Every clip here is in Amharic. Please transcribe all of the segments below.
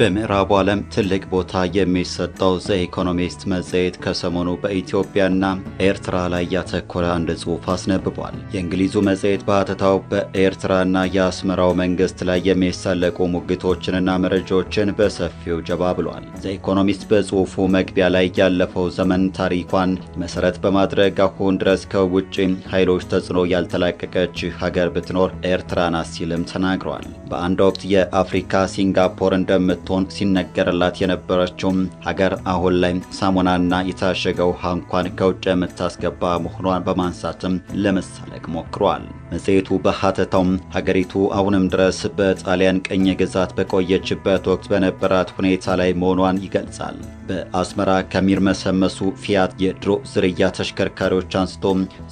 በምዕራቡ ዓለም ትልቅ ቦታ የሚሰጠው ዘኢኮኖሚስት መጽሔት ከሰሞኑ በኢትዮጵያና ኤርትራ ላይ ያተኮረ አንድ ጽሑፍ አስነብቧል። የእንግሊዙ መጽሔት በሀተታው በኤርትራና የአስመራው መንግስት ላይ የሚሳለቁ ሙግቶችንና መረጃዎችን በሰፊው ጀባ ብሏል። ዘኢኮኖሚስት በጽሑፉ መግቢያ ላይ ያለፈው ዘመን ታሪኳን መሰረት በማድረግ አሁን ድረስ ከውጭ ኃይሎች ተጽዕኖ ያልተላቀቀች ሀገር ብትኖር ኤርትራ ናት ሲልም ተናግሯል። በአንድ ወቅት የአፍሪካ ሲንጋፖር እንደምት እንደምትሆን ሲነገርላት የነበረችው ሀገር አሁን ላይ ሳሙናና የታሸገ ውሃ እንኳን ከውጭ የምታስገባ መሆኗን በማንሳትም ለመሳለቅ ሞክሯል። መጽሔቱ በሀተታው ሀገሪቱ አሁንም ድረስ በጣሊያን ቅኝ ግዛት በቆየችበት ወቅት በነበራት ሁኔታ ላይ መሆኗን ይገልጻል። በአስመራ ከሚርመሰመሱ ፊያት የድሮ ዝርያ ተሽከርካሪዎች አንስቶ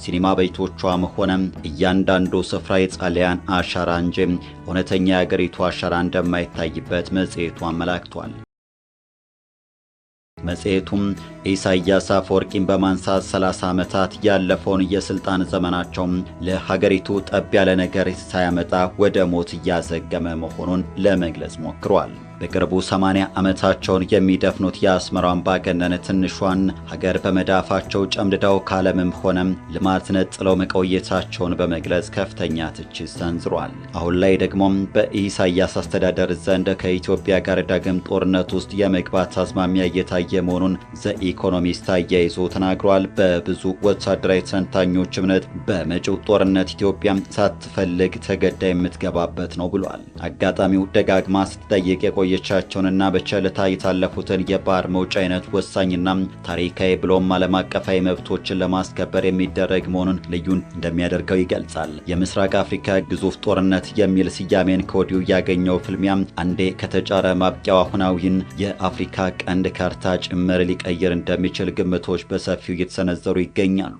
ሲኒማ ቤቶቿም ሆነ እያንዳንዱ ስፍራ የጣሊያን አሻራ እንጂ እውነተኛ የሀገሪቱ አሻራ እንደማይታይበት መጽሔቱ አመላክቷል። መጽሔቱም ኢሳያስ አፈወርቂን በማንሳት 30 ዓመታት ያለፈውን የስልጣን ዘመናቸው ለሀገሪቱ ጠብ ያለ ነገር ሳያመጣ ወደ ሞት እያዘገመ መሆኑን ለመግለጽ ሞክሯል። በቅርቡ 80 ዓመታቸውን የሚደፍኑት የአስመራ አምባገነን ትንሿን ሀገር በመዳፋቸው ጨምድዳው ካለምም ሆነም ልማት ነጥለው መቆየታቸውን በመግለጽ ከፍተኛ ትችት ሰንዝሯል። አሁን ላይ ደግሞ በኢሳያስ አስተዳደር ዘንድ ከኢትዮጵያ ጋር ዳግም ጦርነት ውስጥ የመግባት አዝማሚያ እየታየ መሆኑን ዘኢ ኢኮኖሚስት አያይዞ ተናግሯል። በብዙ ወታደራዊ ተንታኞች እምነት በመጪው ጦርነት ኢትዮጵያ ሳትፈልግ ተገዳ የምትገባበት ነው ብሏል። አጋጣሚው ደጋግማ ስትጠይቅ የቆየቻቸውንና በቸልታ የታለፉትን የባህር መውጫ አይነት ወሳኝና ታሪካዊ ብሎም ዓለም አቀፋዊ መብቶችን ለማስከበር የሚደረግ መሆኑን ልዩን እንደሚያደርገው ይገልጻል። የምስራቅ አፍሪካ ግዙፍ ጦርነት የሚል ስያሜን ከወዲሁ ያገኘው ፍልሚያ አንዴ ከተጫረ ማብቂያው አሁናዊን የአፍሪካ ቀንድ ካርታ ጭምር ሊቀይር እንደሚችል ግምቶች በሰፊው እየተሰነዘሩ ይገኛሉ።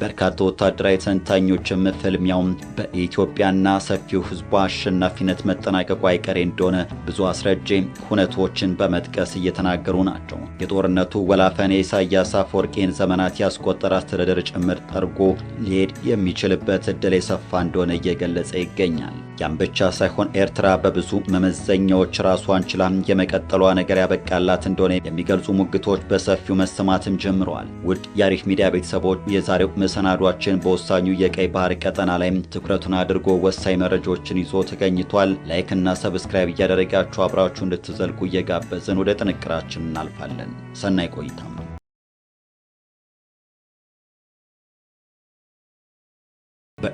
በርካታ ወታደራዊ ተንታኞችም ፍልሚያው በኢትዮጵያና ሰፊው ሕዝቧ አሸናፊነት መጠናቀቁ አይቀሬ እንደሆነ ብዙ አስረጂ ሁነቶችን በመጥቀስ እየተናገሩ ናቸው። የጦርነቱ ወላፈኔ ሳያሳ አፈወርቂን ዘመናት ያስቆጠረ አስተዳደር ጭምር ጠርጎ ሊሄድ የሚችልበት እድል የሰፋ እንደሆነ እየገለጸ ይገኛል። ያም ብቻ ሳይሆን ኤርትራ በብዙ መመዘኛዎች ራሷን ችላ የመቀጠሏ ነገር ያበቃላት እንደሆነ የሚገልጹ ሙግቶች በሰፊው መሰማትም ጀምረዋል። ውድ የአሪፍ ሚዲያ ቤተሰቦች የዛሬው መሰናዷችን በወሳኙ የቀይ ባህር ቀጠና ላይ ትኩረቱን አድርጎ ወሳኝ መረጃዎችን ይዞ ተገኝቷል። ላይክና ሰብስክራይብ እያደረጋችሁ አብራችሁ እንድትዘልቁ እየጋበዝን ወደ ጥንቅራችን እናልፋለን። ሰናይ ቆይታም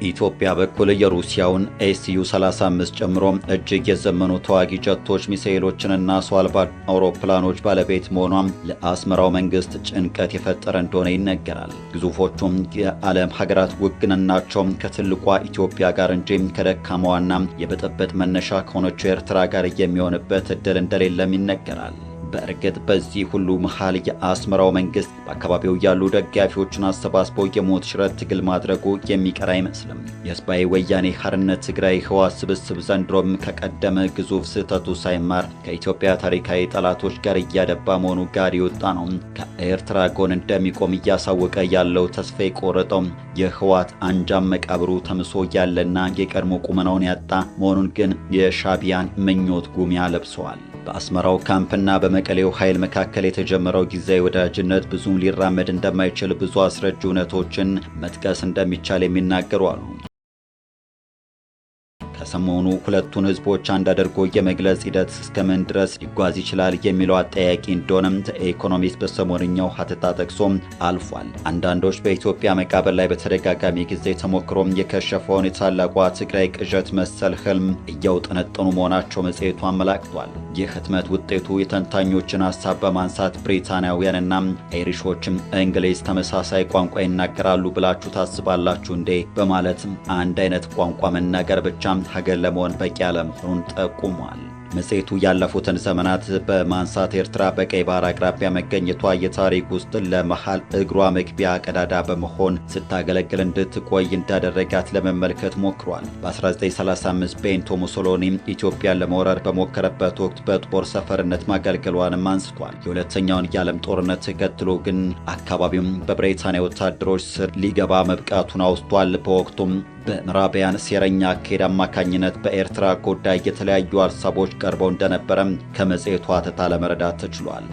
በኢትዮጵያ በኩል የሩሲያውን ኤስዩ 35 ጨምሮ እጅግ የዘመኑ ተዋጊ ጀቶች፣ ሚሳኤሎችንና ሰው አልባ አውሮፕላኖች ባለቤት መሆኗም ለአስመራው መንግስት ጭንቀት የፈጠረ እንደሆነ ይነገራል። ግዙፎቹም የዓለም ሀገራት ውግንናቸውም ከትልቋ ኢትዮጵያ ጋር እንጂ ከደካማዋና የብጥብጥ መነሻ ከሆነችው ኤርትራ ጋር የሚሆንበት እድል እንደሌለም ይነገራል። በእርግጥ በዚህ ሁሉ መሃል የአስመራው መንግስት በአካባቢው ያሉ ደጋፊዎችን አሰባስበው የሞት ሽረት ትግል ማድረጉ የሚቀር አይመስልም። የህዝባዊ ወያኔ ሀርነት ትግራይ ህወሓት ስብስብ ዘንድሮም ከቀደመ ግዙፍ ስህተቱ ሳይማር ከኢትዮጵያ ታሪካዊ ጠላቶች ጋር እያደባ መሆኑ ጋር የወጣ ነው። ከኤርትራ ጎን እንደሚቆም እያሳወቀ ያለው ተስፋ የቆረጠው የህወሓት አንጃም መቃብሩ ተምሶ ያለና የቀድሞ ቁመናውን ያጣ መሆኑን ግን የሻቢያን ምኞት ጉሚያ ለብሰዋል። በአስመራው ካምፕና በመቀሌው ኃይል መካከል የተጀመረው ጊዜያዊ ወዳጅነት ብዙም ሊራመድ እንደማይችል ብዙ አስረጅ እውነቶችን መጥቀስ እንደሚቻል የሚናገሩ አሉ። ከሰሞኑ ሁለቱን ህዝቦች አንድ አድርጎ የመግለጽ ሂደት እስከምን ድረስ ሊጓዝ ይችላል የሚለው አጠያቂ እንደሆነም ኢኮኖሚስት በሰሞንኛው ሀተታ ጠቅሶ አልፏል። አንዳንዶች በኢትዮጵያ መቃብር ላይ በተደጋጋሚ ጊዜ ተሞክሮም የከሸፈውን የታላቋ ትግራይ ቅዠት መሰል ህልም እያውጠነጠኑ መሆናቸው መጽሔቱ አመላክቷል። ይህ ህትመት ውጤቱ የተንታኞችን ሀሳብ በማንሳት ብሪታንያውያንና አይሪሾችም እንግሊዝ ተመሳሳይ ቋንቋ ይናገራሉ ብላችሁ ታስባላችሁ እንዴ? በማለትም አንድ አይነት ቋንቋ መናገር ብቻ ነገር ለመሆን በቂ አለመሆኑን ጠቁሟል። መጽሔቱ ያለፉትን ዘመናት በማንሳት ኤርትራ በቀይ ባህር አቅራቢያ መገኘቷ የታሪክ ውስጥ ለመሃል እግሯ መግቢያ ቀዳዳ በመሆን ስታገለግል እንድትቆይ እንዳደረጋት ለመመልከት ሞክሯል። በ1935 ቤንቶ ሙሶሎኒ ኢትዮጵያን ለመውረር በሞከረበት ወቅት በጦር ሰፈርነት ማገልገሏንም አንስቷል። የሁለተኛውን የዓለም ጦርነት ተከትሎ ግን አካባቢውም በብሪታንያ ወታደሮች ስር ሊገባ መብቃቱን አውስቷል። በወቅቱም በምዕራባውያን ሴረኛ አካሄድ አማካኝነት በኤርትራ ጉዳይ የተለያዩ ሀሳቦች ውጤት ቀርቦ እንደነበረም ከመጽሔቱ አተታ ለመረዳት ተችሏል።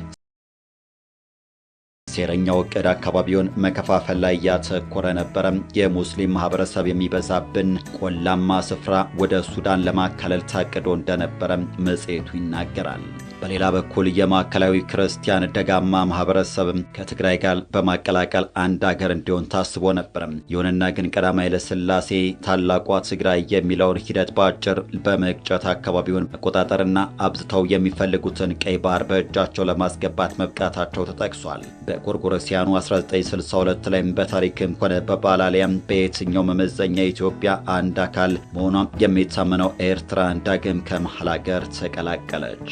ሴረኛው እቅድ አካባቢውን መከፋፈል ላይ ያተኮረ ነበረ። የሙስሊም ማህበረሰብ የሚበዛብን ቆላማ ስፍራ ወደ ሱዳን ለማካለል ታቅዶ እንደነበረ መጽሔቱ ይናገራል። በሌላ በኩል የማዕከላዊ ክርስቲያን ደጋማ ማህበረሰብ ከትግራይ ጋር በማቀላቀል አንድ አገር እንዲሆን ታስቦ ነበር። ይሁንና ግን ቀዳማዊ ኃይለሥላሴ ታላቋ ትግራይ የሚለውን ሂደት በአጭር በመቅጨት አካባቢውን መቆጣጠርና አብዝተው የሚፈልጉትን ቀይ ባህር በእጃቸው ለማስገባት መብቃታቸው ተጠቅሷል። በጎርጎሮሲያኑ 1962 ላይም በታሪክም ሆነ በባላሊያም በየትኛው መመዘኛ ኢትዮጵያ አንድ አካል መሆኗ የሚታመነው ኤርትራ ዳግም ከመሐል አገር ተቀላቀለች።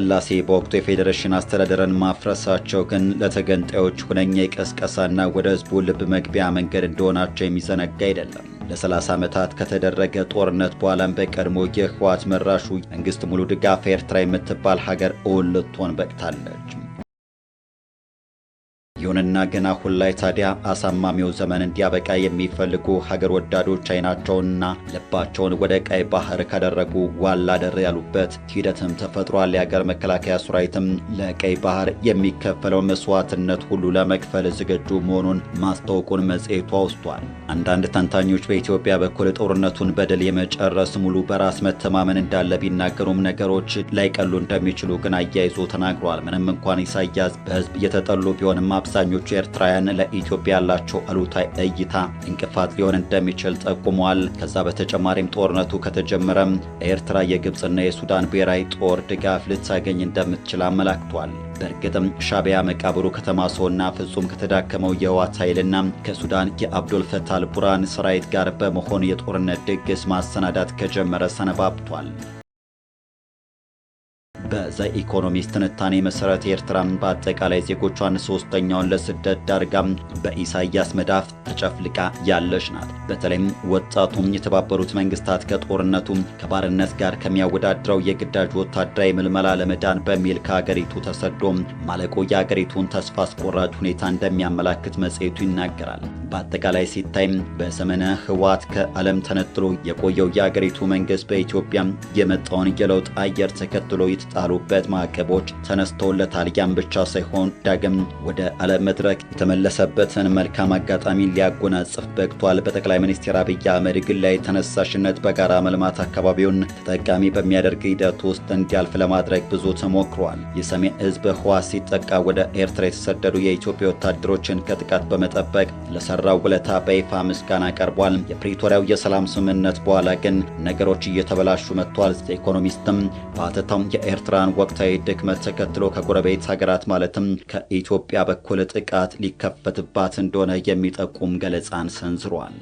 ስላሴ በወቅቱ የፌዴሬሽን አስተዳደርን ማፍረሳቸው ግን ለተገንጣዮች ሁነኛ የቀስቀሳና ወደ ህዝቡ ልብ መግቢያ መንገድ እንደሆናቸው የሚዘነጋ አይደለም። ለ30 ዓመታት ከተደረገ ጦርነት በኋላም በቀድሞ የህወሓት መራሹ መንግስት ሙሉ ድጋፍ ኤርትራ የምትባል ሀገር እውን ልትሆን በቅታለች። ይሁንና ግን አሁን ላይ ታዲያ አሳማሚው ዘመን እንዲያበቃ የሚፈልጉ ሀገር ወዳዶች አይናቸውንና ልባቸውን ወደ ቀይ ባህር ካደረጉ ዋላ ደር ያሉበት ሂደትም ተፈጥሯል። የሀገር መከላከያ ሰራዊትም ለቀይ ባህር የሚከፈለው መስዋዕትነት ሁሉ ለመክፈል ዝግጁ መሆኑን ማስታወቁን መጽሔቱ አውስቷል። አንዳንድ ተንታኞች በኢትዮጵያ በኩል ጦርነቱን በድል የመጨረስ ሙሉ በራስ መተማመን እንዳለ ቢናገሩም ነገሮች ላይቀሉ እንደሚችሉ ግን አያይዞ ተናግሯል። ምንም እንኳን ኢሳያስ በህዝብ እየተጠሉ ቢሆንም አብዛኞቹ ኤርትራውያን ለኢትዮጵያ ያላቸው አሉታዊ እይታ እንቅፋት ሊሆን እንደሚችል ጠቁመዋል። ከዛ በተጨማሪም ጦርነቱ ከተጀመረ ለኤርትራ የግብፅና የሱዳን ብሔራዊ ጦር ድጋፍ ልታገኝ እንደምትችል አመላክቷል። በእርግጥም ሻቢያ መቃብሩ ከተማ ሰውና ፍጹም ከተዳከመው የህወሓት ኃይልና ከሱዳን የአብዶልፈታል ቡራን ሰራዊት ጋር በመሆን የጦርነት ድግስ ማሰናዳት ከጀመረ ሰነባብቷል። በዘ ኢኮኖሚስት ትንታኔ መሰረት ኤርትራን በአጠቃላይ ዜጎቿን ሶስተኛውን ለስደት ዳርጋ በኢሳያስ መዳፍ ተጨፍልቃ ያለች ናት። በተለይም ወጣቱም የተባበሩት መንግስታት ከጦርነቱ ከባርነት ጋር ከሚያወዳድረው የግዳጅ ወታደራዊ ምልመላ ለመዳን በሚል ከሀገሪቱ ተሰዶ ማለቆ የሀገሪቱን ተስፋ አስቆራጭ ሁኔታ እንደሚያመላክት መጽሔቱ ይናገራል። በአጠቃላይ ሲታይም በሰመነ ህወሓት ከዓለም ተነጥሎ የቆየው የአገሪቱ መንግስት በኢትዮጵያ የመጣውን የለውጥ አየር ተከትሎ ይትጣ የተጣሉበት ማዕቀቦች ተነስቶለታል። ያም ብቻ ሳይሆን ዳግም ወደ ዓለም መድረክ የተመለሰበትን መልካም አጋጣሚ ሊያጎናጽፍ በቅቷል። በጠቅላይ ሚኒስትር አብይ አህመድ ግን ላይ ተነሳሽነት በጋራ መልማት አካባቢውን ተጠቃሚ በሚያደርግ ሂደት ውስጥ እንዲያልፍ ለማድረግ ብዙ ተሞክሯል። የሰሜን ህዝብ ህዋ ሲጠቃ ወደ ኤርትራ የተሰደዱ የኢትዮጵያ ወታደሮችን ከጥቃት በመጠበቅ ለሰራው ውለታ በይፋ ምስጋና ቀርቧል። የፕሪቶሪያው የሰላም ስምምነት በኋላ ግን ነገሮች እየተበላሹ መጥቷል። ኢኮኖሚስትም በአተታው የኤርትራ የኤርትራን ወቅታዊ ድክመት ተከትሎ ከጎረቤት ሀገራት ማለትም ከኢትዮጵያ በኩል ጥቃት ሊከፈትባት እንደሆነ የሚጠቁም ገለጻን ሰንዝሯል።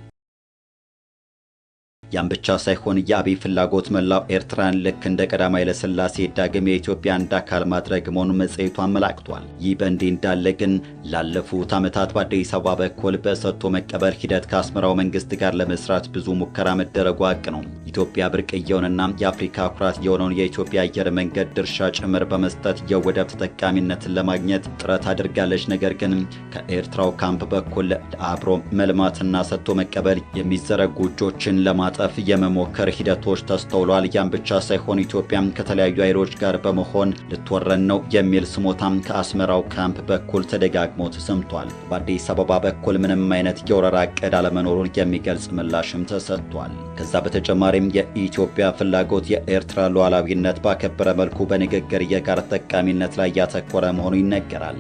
ያም ብቻ ሳይሆን የአብይ ፍላጎት መላው ኤርትራን ልክ እንደ ቀዳማዊ ኃይለ ሥላሴ ዳግም የኢትዮጵያ አንድ አካል ማድረግ መሆኑ መጽሔቱ አመላክቷል። ይህ በእንዲህ እንዳለ ግን ላለፉት ዓመታት በአዲስ አበባ በኩል በሰጥቶ መቀበል ሂደት ከአስመራው መንግስት ጋር ለመስራት ብዙ ሙከራ መደረጉ ሀቅ ነው። ኢትዮጵያ ብርቅዬውንና የአፍሪካ ኩራት የሆነውን የኢትዮጵያ አየር መንገድ ድርሻ ጭምር በመስጠት የወደብ ተጠቃሚነትን ለማግኘት ጥረት አድርጋለች። ነገር ግን ከኤርትራው ካምፕ በኩል ለአብሮ መልማትና ሰጥቶ መቀበል የሚዘረጉ እጆችን ለማጠፍ የመሞከር ሂደቶች ተስተውሏል። ያም ብቻ ሳይሆን ኢትዮጵያ ከተለያዩ ኃይሎች ጋር በመሆን ልትወረን ነው የሚል ስሞታም ከአስመራው ካምፕ በኩል ተደጋግሞ ተሰምቷል። በአዲስ አበባ በኩል ምንም አይነት የወረራ ዕቅድ አለመኖሩን የሚገልጽ ምላሽም ተሰጥቷል። ከዛ በተጨማሪ በተጨማሪም የኢትዮጵያ ፍላጎት የኤርትራ ሉዓላዊነት ባከበረ መልኩ በንግግር የጋራ ተጠቃሚነት ላይ ያተኮረ መሆኑ ይነገራል።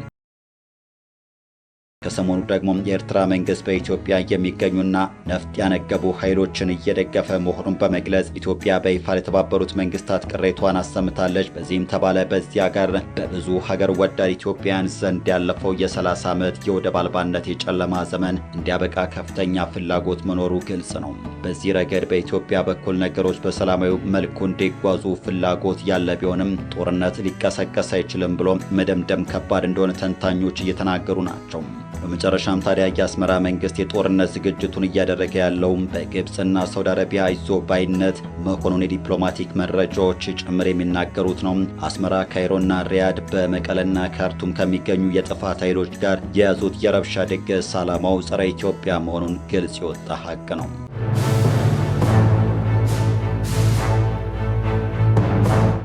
ከሰሞኑ ደግሞ የኤርትራ መንግስት በኢትዮጵያ የሚገኙና ነፍጥ ያነገቡ ኃይሎችን እየደገፈ መሆኑን በመግለጽ ኢትዮጵያ በይፋ ለተባበሩት መንግስታት ቅሬቷን አሰምታለች። በዚህም ተባለ በዚያ ጋር በብዙ ሀገር ወዳድ ኢትዮጵያውያን ዘንድ ያለፈው የ30 ዓመት የወደብ አልባነት የጨለማ ዘመን እንዲያበቃ ከፍተኛ ፍላጎት መኖሩ ግልጽ ነው። በዚህ ረገድ በኢትዮጵያ በኩል ነገሮች በሰላማዊ መልኩ እንዲጓዙ ፍላጎት ያለ ቢሆንም ጦርነት ሊቀሰቀስ አይችልም ብሎ መደምደም ከባድ እንደሆነ ተንታኞች እየተናገሩ ናቸው። በመጨረሻም ታዲያ የአስመራ መንግስት የጦርነት ዝግጅቱን እያደረገ ያለውም በግብፅና ሳውዲ አረቢያ ባይነት መሆኑን የዲፕሎማቲክ መረጃዎች ጭምር የሚናገሩት ነው። አስመራ፣ ካይሮና ሪያድ በመቀለና ካርቱም ከሚገኙ የጥፋት ኃይሎች ጋር የያዙት የረብሻ ድግስ ዓላማው ጸረ ኢትዮጵያ መሆኑን ግልጽ የወጣ ሀቅ ነው።